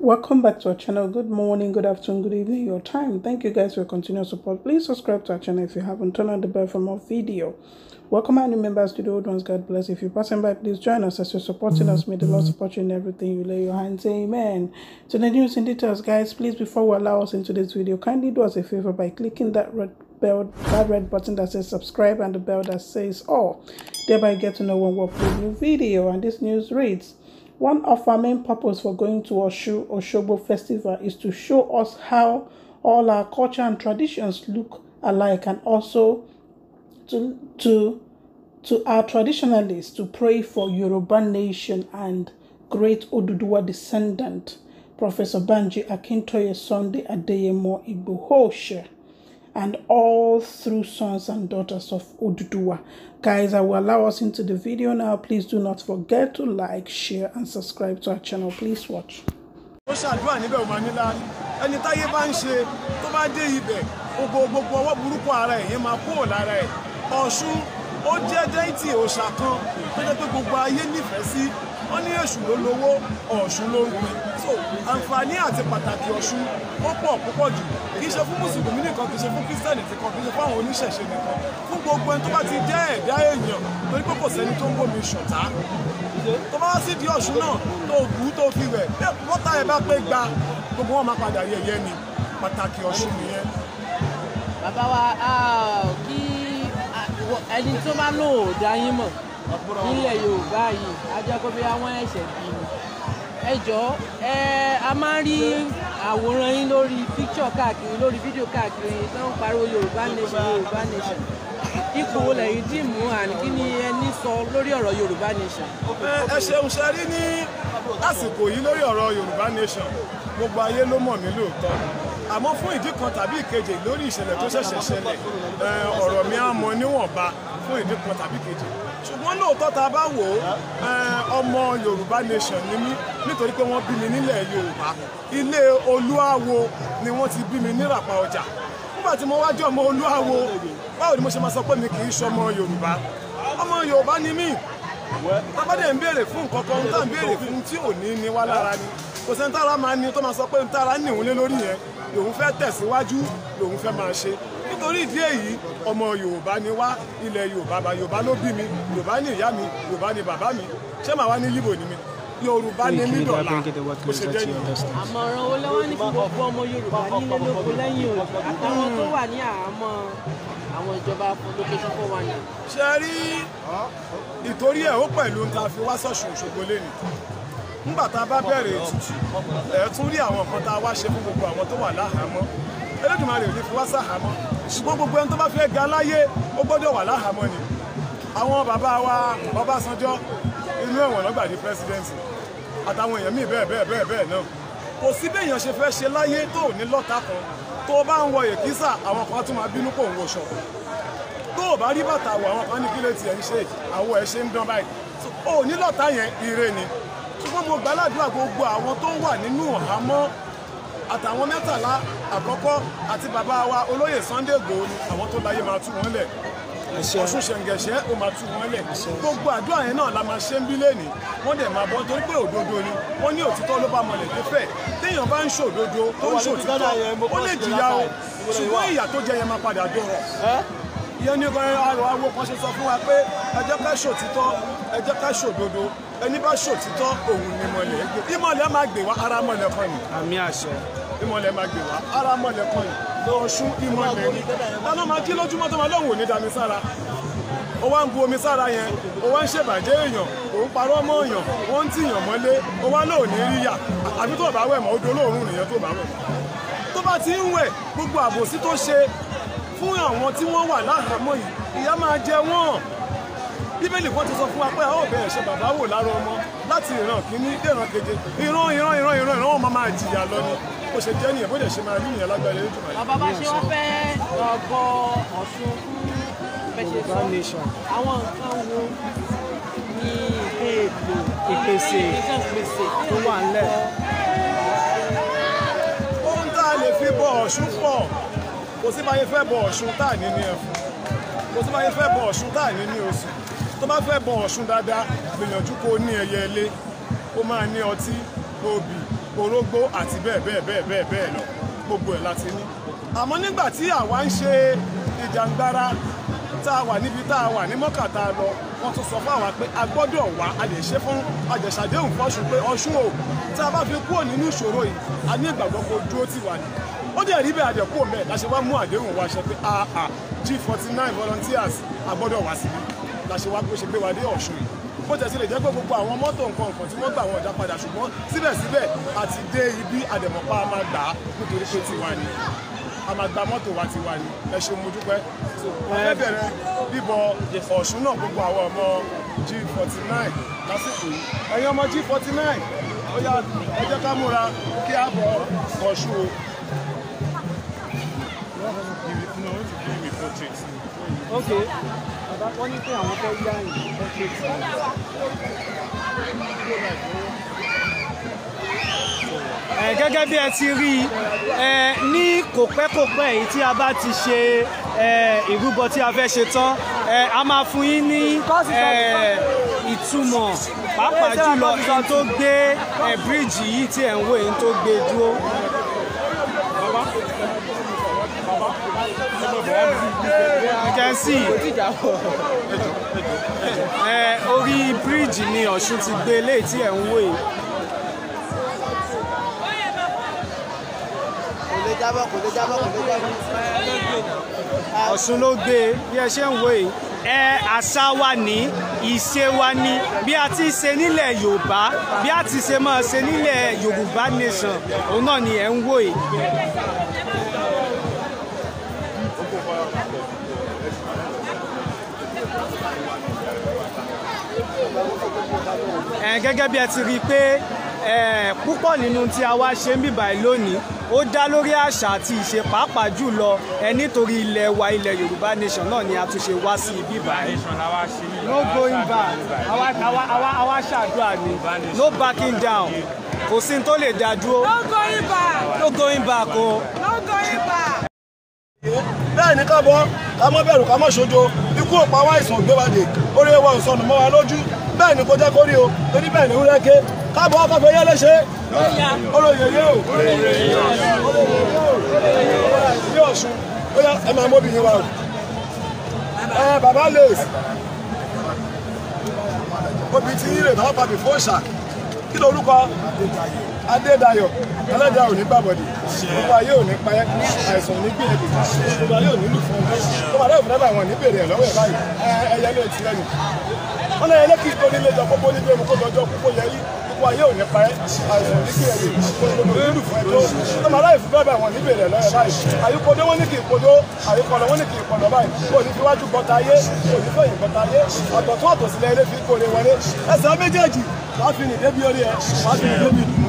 welcome back to our channel good morning good afternoon good evening your time thank you guys for your continued support please subscribe to our channel if you haven't turn on the bell for more video welcome our new members to the old ones god bless if you're passing by please join us as you're supporting us may the lord support you in everything you lay your hands amen to the news and details guys please before we allow us into this video kindly do us a favor by clicking that red bell that red button that says subscribe and the bell that says all thereby get to know when we upload new video and this news reads one of our main purpose for going to Osho Oshobo festival is to show us how all our culture and traditions look alike and also to to to our traditionalists to pray for Yoruba nation and great Oduduwa descendant, Professor Banji Akintoye Sunday Adeyemo Igbohoshe. and all through sons and daughters of Oduduwa. Guys, I will allow us into the video now. Please do not forget to like, share, and subscribe to our channel. Please watch. ó ó jẹ́ dẹ́ńtì òòṣà kan tó jẹ́ pé gbogbo ayé nífẹ̀ẹ́ sí wọ́n ní èṣù ló lówó ọ̀ṣun ló ń pin so àǹfààní àti pàtàkì ọ̀ṣun ó pọ̀ púpọ̀ jù kì í ṣe fún mùsùlùmí nìkan kì í ṣe fún kírísítẹ́nì nìkan kì í ṣe fún àwọn oníṣẹ̀ṣe nìkan fún gbogbo ẹni tó bá ti jẹ́ ẹ̀dá èèyàn torí pé kò sẹ́ni tó ń bomi ṣọ̀tá tó bá wá sí di ọ̀ṣun náà tó bù ú tó fi rẹ̀ bẹ́ẹ̀ wọ́tá ẹ bá pé gba gbogbo wọn máa padà yẹ̀yẹ́ ni pàtàkì ọ̀ṣun nìyẹn. bàbá wa kí ẹni tó bá lò dá yín mọ̀ nílẹ̀ Yorùbá yìí á jẹ́ pé bóyá wọ́n ẹ̀ṣẹ̀ bí i ẹ jọ ẹ a máa ń rí àwòrán yín lórí picture káàkiri lórí fídíò káàkiri tó ń pariwo Yorùbá nation Yorùbá nation ipò wo lẹ́yìn dì mú àní kí ni ẹni sọ lórí ọ̀rọ̀ Yorùbá nation. ẹ ṣeun ṣe rí ní àsìkò yìí lórí ọ̀rọ̀ Yorùbá nation gbogbo ayé ló mọ̀ mí lóòótọ́ àmọ́ fún ìdí kan tàbí ìkejì lórí ìṣẹ̀lẹ̀ tó ṣẹ̀ṣẹ̀ ṣẹlẹ̀ ọ̀rọ̀ mi á mọ níwọ̀nba fún ìdí kan tàbí ìkejì ṣùgbọ́n lóòótọ́ ta bá wò ó ọmọ Yorùbá nation ni mí nítorí pé wọ́n bí mi nílẹ̀ Yorùbá ilé Olúawo ni wọ́n ti bí mi ní Ràpá Ọjà nígbà tí mo wá jẹ́ ọmọ Olúawo báwo ni mo ṣe máa sọ pé mi kì í ṣọmọ Yorùbá ọmọ Yorùbá ni mí tábàdé ń béèrè fún nǹkan kan tá ń béèrè fún tí ò ní wá lára ni kò sẹ́ni tára máa ní tó máa sọ pé tára ní òun lé lórí yẹn lòun fẹ́ tẹ̀síwájú lòun fẹ́ máa ṣe nítorí ìdí èyí ọmọ yorùbá ni wá ilẹ̀ yorùbá bá yorùbá ló bí mi yorùbá ni ìyá mi yorùbá ni bàbá mi ṣé màá wá ní yíbò ni mi yorùbá ni mí dọ̀la kò ṣe jẹ́ yìí. àmọ̀ràn wo ní fún gbogbo ọmọ yorùbá nílé lóko lẹ́yìn òní àtàwọn tó àwọn ìjọba lókèṣọ́ fún wa ni. ṣe rí ìtorí ẹ̀ ó pẹ̀lú ń fi wá sọ̀sùn òṣogbo lẹ́nu nígbà tá a bá bẹ̀rẹ̀ ètùtù ẹ̀ tún rí àwọn nǹkan tá a wá ṣe fún gbogbo àwọn tó wà láhàámọ́ Elédùmarè ò ní fi wá sáhàámọ́ ṣùgbọ́n gbogbo ẹni tó bá fẹ́ ga láyé ó gbọ́dọ̀ wà láhàámọ́ ni àwọn bàbá wa Ọbásanjọ́ inú ẹ̀wọ̀n lọ́gbà di pẹ́sidẹ́ǹtì àtàwọn èèyàn míì bẹ́ẹ̀ bẹ́ẹ̀ bẹ́ẹ̀ bẹ́ẹ̀ náà kò sí béèyàn ṣe fẹ́ ṣe láyé tó ò ní lọ́ta kan tó o bá ń wọ èkísà àwọn kan tún máa bínú kò ń wọṣọ tó o bá rí bàtà wọ àwọn kan ní kílẹ̀ tiẹ̀ ń ṣe àwọ̀ ẹ̀ ṣe ń dán báyìí ò ní lọ́ta yẹn ire ni ṣùgbọ́n mo gbàládùra gbogbo àwọn tó wà nínú àhámọ́ àtàwọn mẹ́tàlá àkọ́kọ́ àti bàbá wa olóyè Sunday Igboho ni àwọn tó láyé máa tú wọn lẹ̀ ọ̀ṣun ṣẹ̀ǹgẹ̀ṣẹ̀ ó máa tú wọn lẹ̀ gbogbo àdúrà yẹn náà la máa ṣe ń bí lẹ́nì wọ́n dẹ̀ máa bọ́ torí pé òdodo ni wọ́n ní òtítọ́ ló bá mọlẹ̀ tó fẹ́ téèyàn bá ń ṣòdodo tó ń ṣòtítọ́ ó lè jìyà o ṣùgbọ́n ìyà tó jẹ yẹn máa padà dọ̀rọ̀ ìyẹn ní ọkùnrin àrò awo kan ṣe sọ fún wa pé ẹ jẹ́ ká ṣòtítọ́ ẹ jẹ́ ká ṣòdodo ẹni bá ṣòtítọ́ òun ni mọ̀lẹ́ gbé ìmọ̀lẹ́ máa gbé wá ara mọ̀lẹ́ kan ni. àmì àṣẹ. ìmọ̀lẹ́ máa gbé wá ara mọ̀lẹ́ kan ni lọ́ọ̀ṣún ìmọ̀lẹ́ ni dáná máa kí lójúmọ́ tó máa lọ́hùn òní dami sára ó wá ń bu omi sára yẹn ó wá ń ṣèbàjẹ́ èèyàn ó ń parọ́ mọ́ èèyàn wọ́n ń tìyàn mọ́lé ó wá lóò ní ríyà àbí tó bá wẹ̀ mọ́ ó dolóòórùn nìyẹn tó bá wẹ̀ tó bá ti ń wẹ̀ gbogbo àbòsí tó ṣe fún àwọn tí wọ́n wà láhàámọ́ yìí ìyà máa jẹ wọ́n bíbélì kan ti sọ fún wa pé a ó bẹ̀rẹ̀ ṣe bàbá wò lára ọmọ láti ìran kìíní dẹ̀ràn keje ìran ìran ìran ìran ìran wọn máa jìyà lọ ni bó ṣe jẹ́ nìyẹn bó dẹ̀ ṣe máa rí ìyẹn lágbàáyé lójú màá. bàbá bá ṣe wọ́n fẹ́ ọgbọ́ ọ̀ṣun fún ṣe sọ àwọn nǹkan wo ni èèlò ìpèsè tó wà ńlẹ̀. ohun tá a lè fi bọ ọ̀ṣun pọ̀ kò sí báyé fẹ́ bọ ọ̀ṣun tá à ní ní ẹ̀fún kò sí báyé fẹ́ bọ ọ̀ṣun tá à ní ní oṣù tó bá fẹ́ bọ ọ̀ṣun dáadáa gbìyànjú kó ní ẹyẹ ilé ó máa ní ọtí obì orógbó àti bẹ́ẹ̀ bẹ́ẹ̀ bẹ́ẹ̀ bẹ́ẹ̀ bẹ́ẹ̀ lọ gbogbo ẹ̀ láti ní àmọ́ nígbà tí àwa ń ṣe ìjàngbara tá a wà níbi tá a wà ní mọ́kà tá lọ wọ́n tún sọ fún àwa pé a gbọ́dọ̀ wá a lè ṣe fún àjẹsàdéhùn fọ́ṣù pé ọ̀ṣun o tá a bá fi kúrò nínú ìṣòro yìí a ní ìgbàgbọ́ kó dúró tì wá ní ó dẹ̀ rí bẹ́ẹ̀ àdẹ̀kù mẹ́ẹ̀ la ṣe wá mú àdéhùn wa ṣe pé aa G49 volunteers agbọ́dọ̀ wá síbí la ṣe wá ṣe gbé wa dé Ọ̀ṣun yìí bó tẹ̀ lè jẹ́ pé gbogbo àwọn mọ́tò nǹkan nǹkan tí wọ́n gbà wọ́n dá padà ṣùgbọ́n síbẹ̀síbẹ̀ àti dé ibi àdẹ̀mọ̀pá máa gbà á nítorí pé tiwa ni a máa gba mọ́tò wa ti wà ní ẹ ṣe mo dúpẹ́ ẹ bẹ̀rẹ̀ bíbọ Ọ̀ṣun náà gbogbo àwọn ọmọ G49 lásìkò yìí ẹ̀yin ọmọ G49 ó yá ẹ ká múra kí a bọ Ọ̀ṣun o. portraits. ok bàbá wọ́n ní pé àwọn fẹ́ yá ìyẹn portraits. gẹ́gẹ́ bí ẹ ti rí i ní kò pẹ́ kò pẹ́ èyí tí a bá ti ṣe ìrúbọ tí a fẹ́ ṣe tán a máa fún yín ní ìtumọ̀ pàápàá jùlọ ohun tó gbé bíríìjì yìí tí ẹ̀ ń wò ohun tó gbé dúró. I can see ẹ orí bíríìjì ni Ọ̀ṣun ti gbé léyìí tí ẹ̀ ń wò yìí. kò lè jábọ̀ kò lè jábọ̀ kò lè jábọ̀. Ọ̀ṣun ló gbé bí ẹ ṣe ń wò yìí ẹ àṣà wa ní ìṣe wa ní bí a ti ṣe nílẹ̀ Yorùbá bí a ti ṣe máa ṣe nílẹ̀ Yorùbá nation òun náà ni ẹ̀ ń wò yìí. gẹ́gẹ́ bí ẹ ti rí i pé púpọ̀ nínú tí a wá ṣe ń bìbà lónìí ó dá lórí àṣà àti ìṣe pàápàá jùlọ ẹ nítorí ilẹ̀ wa ilẹ̀ Yorùbá nation náà ni a tún ṣe wá sí ibi báyìí no going back àwa ṣàdúrà ni no backing down kò sí tó lè dá dúró no going back no going back o. no going back. bẹ́ẹ̀ ni ká bọ́ ká má bẹ̀rù ká má ṣojo ikú ò pa wá ìsàn ògbéwàdé orí wa ò sọnù lójú bẹ́ẹ̀ ni kò jẹ́ kórí o torí bẹ́ẹ̀ ni wúlẹ́ ké káàbọ̀ ọkọ̀ fẹ́ yẹ́ léṣe olóyè yóò olóyè yóò ọ̀ṣun ó yá ẹ máa mọ́bìnrin wa o ẹ bàbá lè obì tí yín rè bá bàbí fóòṣà kí lorúkọ. Adédayọ̀ ẹlẹ́dàá ò ní gbàbọ̀dì gbogbo ayé ò ní payẹ́ àìsàn ò ní gbìyànjú gbogbo ayé ò ní lù fún un gbogbo ayé òfin dábàá wọn ní bèrè ẹ̀ lọ́wọ́ ẹ̀ báyìí ẹyẹ ló ti lẹ́nu wọn náà ẹlẹ́kì tó nílé jọ gbogbo níbi èmi kó lọ́jọ́ gbogbo yẹ yí gbogbo ayé ò ní payẹ́ àìsàn ò ní gbìyànjú gbogbo ayé ò ní lù fún ẹ̀ tó gbogbo ayé òfin dábàá wọn ní bèrè ẹ̀ lọ́wọ́ ẹ̀ báyìí àyíkodé wọn ní kì í kodó àyíkọlọ wọn ní kì í kọlọ báyìí kò ní fi wájú bọ́ta ayé kò ní fẹ̀yìn bọ́ta ayé ọ̀tọ̀ tó ọ̀tọ̀ sílẹ̀ ilé fi kórè wọlé ẹsẹ̀ méjèèjì wàá fi nìdébi orí ẹ wàá fi nìdébi dùnú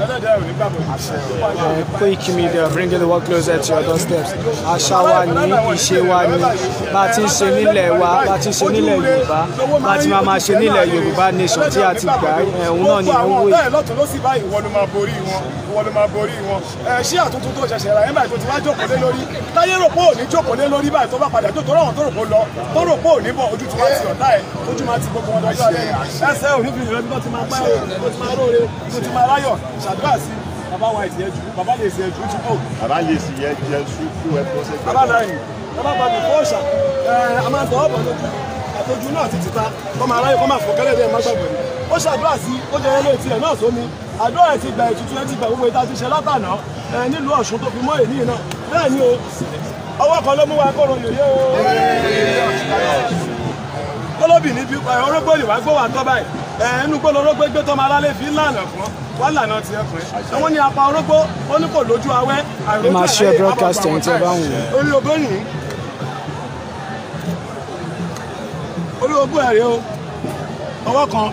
Quick Media bringing the world closer to your doorstep àṣà wa ni ìṣe wa ni bá ti ń ṣe nílẹ̀ wa bá ti ń ṣe nílẹ̀ Yorùbá bá ti máa máa ṣe nílẹ̀ Yorùbá nation tí a ti gbà ẹ̀hún náà ni ìwé. bẹ́ẹ̀ lọ́tún ló sì bá ìwọ ló máa borí wọn ìwọ ló máa borí wọn ṣé àtúntò tó ṣẹ̀ṣẹ̀ ra ẹ̀ báyìí tó ti wá jókòó lé lórí táyé rò pé òní jókòó lé lórí báyìí tó bá padà tó tọrọ àwọn tó rò pé lọ tó rò pé òní bọ̀ ojú ti wá ti ọ̀tá ẹ̀ ojú máa ti gbogbo wọn lọ́jọ́ ẹsẹ̀ òní fi ìrẹ́bí tó ti máa pẹ́ o ti máa róore ti máa ráyọ̀ ṣ ṣàdúrà sí bàbá wa ìsìn ẹjú bàbá lè sìn ẹjú túbọ̀. bàbá lè sìn yẹ jẹ sùkú ẹ tó ṣe pẹ̀lú. bàbá náà yìí bàbá bá mi fọ́ọ̀ṣà ẹ a máa tọ́ ọ̀bọ̀ lójú àtọ́jú náà ti ti ta kọ́ máa ráyè kọ́ máa fọ́ kẹ́lẹ́ bẹ́ẹ̀ má gbàgbọ́ ni. ó ṣàdúrà sí ó jẹ ẹlẹ́ tiẹ̀ náà sómi àdúrà ẹ̀ ti gbà ètùtù ẹ̀ ti gbà gbogbo ìta ti ṣe látànà ẹ nílùú Ọ̀ṣun tó fi mọ́ èyí náà bẹ́ẹ̀ ni o ọwọ́ kan ló mú wa kọ́rọ̀ yòyé o. olóbì ní bí ọ̀rọ̀ gbòòlì wá gbọ́ wà tọ́ báyìí ẹnu kó lọ rógbó gbé tọmọ alálẹ fi lànà fún wọn lànà ti ẹ pẹ wọn ní apá orógbó ó ní kò lójú awẹ àìrójú àìrójú àbọ̀bọ̀ àti orí ogbó yìí orí ogbó ẹ̀rẹ́ o ọwọ́ kan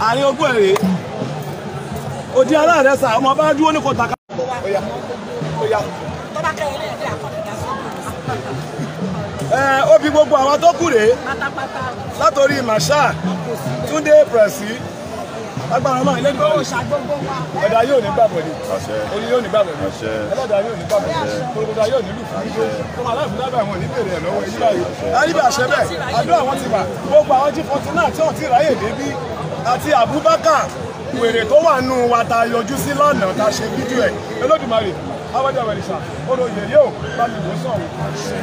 àárín ogbó ẹ̀rẹ́ òdi aláàrẹ sà ọmọ bá dúró ní kò tàkà. fi gbogbo àwa tó kù rèé látòrí màṣá túndé pẹ̀sì agbára máa ilé gbọ́dọ̀ ẹ̀dá yóò ní gbàgbọ́dé orí yóò ní gbàgbọ́dé ẹlẹ́dà yóò ní gbàgbọ́dé kòròkòdà yóò nílù fún igbó tó máa láìpẹ́ lábẹ́ àwọn oníbèrè ẹ̀ lọ́wọ́ yìí báyìí. alíbà ṣe bẹ́ẹ̀ àdúrà wọn ti bà gbogbo àwọn tí fọtún náà tí wọn ti ráyè débí àti Abubakar wèrè tó wà nù wa ta yọjú sí lánàá ta ṣe fídíò ẹ̀ Olódùmarè abájọ àbẹ̀rẹ̀sà odò yèrè o balùwẹ̀ sàn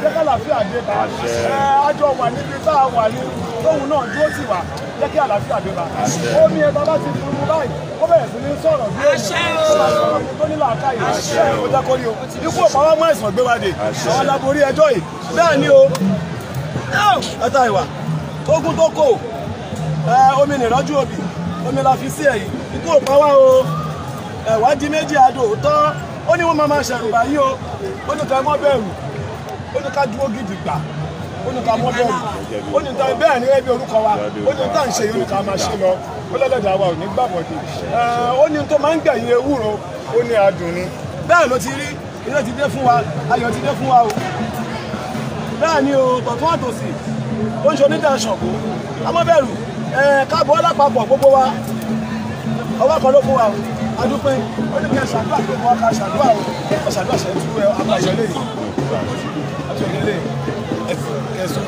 jẹ́ kálàfíà dé bá ẹ àjọ wà níbi tá a wà ní tóun náà dúró sí wa jẹ́ kí àlàáfíà dé omi ẹ̀ bàbá ti fún un báyìí ó bẹ̀rẹ̀ sí ní sọ̀rọ̀ bí ó ní tó nílò àkáyè ó jẹ́ kórí o ikú ọ̀pá wa mú àìsàn wa dé àwọn aláborí ẹjọ́ yìí bẹ́ẹ̀ ni o ẹ̀ta ìwà ogun tó kò omi nìrọ́jú òbí omi la fi sí ẹ̀yìn ikú ọ̀pá o ẹ̀wá di méjì adò tọ́ ó ní wọ́n máa máa ṣẹ̀rù báyìí o ó ní ká mọ́ bẹ̀rù ó ní ká dúró gidi gbà ó ní ká mọ́ bẹ̀rù ó ní ta bẹ́ẹ̀ ní ẹbí orúkọ wa ó ní tá à ń ṣe yìí ó ní ká máa ṣe lọ ó lẹ́lẹ́dàá wa ò ní gbàbọ̀dé ó ní tó máa ń gbẹ̀yìn ewúro ó ní adùn ni bẹ́ẹ̀ ló ti rí ilé ti dé fún wa ayọ̀ ti dé fún wa o bẹ́ẹ̀ ni o bọ̀tún àtòsí ó ń ṣe onídàá ṣọ̀gbó a mọ́ bẹ̀rù adúpẹ́ ó ní kí ẹ ṣàdúrà pé wọn ká ṣàdúrà o ẹ ṣàdúrà ṣe tú ẹ abájọ lè àti òlélẹ ẹsùn.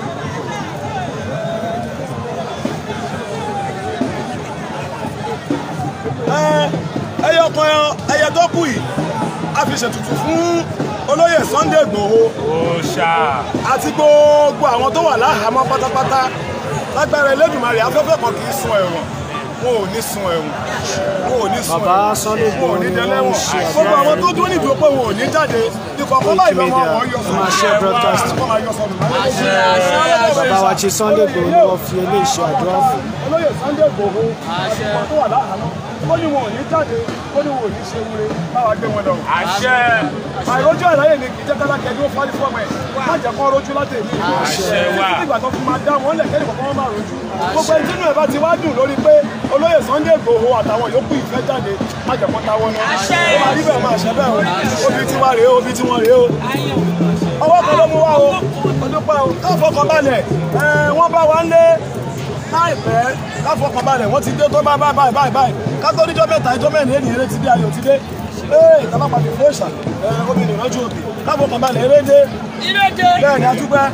ẹyọ kan ẹyẹ tó kù yìí a fi ṣètùtù fún olóyè Sunday Igboho àti gbogbo àwọn tó wà láhàámọ́ pátápátá lágbára Elédùmarè afẹ́fẹ́ kan kì í sun ẹ̀wọ̀n wọn ò ní sun ẹ̀wọ̀n wọn ò ní sun ẹ̀wọ̀n wọn ò ní dẹlẹ́wọ̀n gbogbo àwọn tó dún nídìí pé wọn ò ní jáde ìfọ̀kọ́ láì lọ́wọ́ wọn yọ sọ̀rọ̀ wọn máa yọ sọ̀rọ̀. bàbá wa ti Sunday Igboho ni fi eléyìí ṣe àdúrà fún. olóyè Sunday Igboho ọkọ̀ tó wà láàánú ó ní jáde ó ní ṣe wúre báwa gbé wọn lọ. àṣẹ. àìrójú àìráyè ni kì í jẹ́ kára kẹ́ni ó fárí fún ẹ̀ má jẹ́ rojú láti èmi. àṣẹ wa nígbà tó fi máa dá wọn lẹ̀ kẹ́ni kọ̀ọ̀kan wọn máa rojú. gbogbo ẹni tínú ẹ̀ bá ti wá dùn lórí pé olóyè Sunday Igboho àtàwọn yòókù ìfẹ́ jáde má jẹ́ táwọn náà. àṣẹ ọwọ́ kan ló mú wá o ọdún pa ò káfọ́ kan balẹ̀ wọ́n bá wa ń lé láìpẹ́ káfọkànbalẹ̀ wọ́n ti dé tó bá báyìí báyìí báyìí báyìí kátó níjọ́ mẹ́ta ìjọ́ mẹ́rin ènìyàn eré ti dé ayò ti dé ee ìtàlápá ti dé ṣà obìnrin ìrọ́jú òbí káfọkànbalẹ̀ eré dé bẹ́ẹ̀ ni adúgbẹ́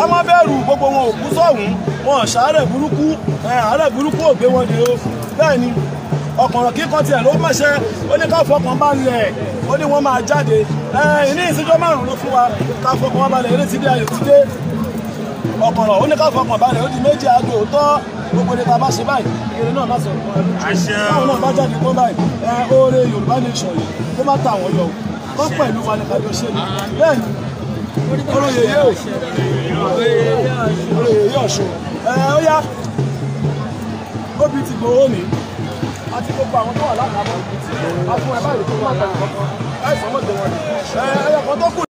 a máa bẹ̀rù gbogbo wọn òkú sọ̀hún wọn ṣàárẹ̀ burúkú àárẹ̀ burúkú ògbé wọn dé o bẹ́ẹ̀ ni ọkùnrin kíkọ́ tiẹ̀ ló mọ̀ṣẹ́ ó ní ká fọkàn balẹ̀ ó ní wọ́n máa jáde ní ìṣẹ́jọ́ márùn-ún ló fún wa ká fọkàn balẹ̀ eré ti dé ayò ti dé ọ̀kọ̀rọ̀ ó ní ká fọkàn balẹ̀ ó di méjì aago òótọ́ gbogbo ní ta bá ṣe báyìí ìrìn náà bá ṣe báwọn náà bá jáde tó báyìí ẹ oore Yorùbá nation yìí kó má ta àwọn yọ kó pẹ̀lú wa ní kájọ ṣe ni bẹ́ẹ̀ ni olóyè yé o olóyè yé ọ̀ṣun ẹ ó yá óbi ti gbòó ni àti gbogbo àwọn tó wà lákàtà a fún ẹ báyìí tó wà lákàtà ẹ sọ mọ́tò wọn ẹ ẹyọkan tó kù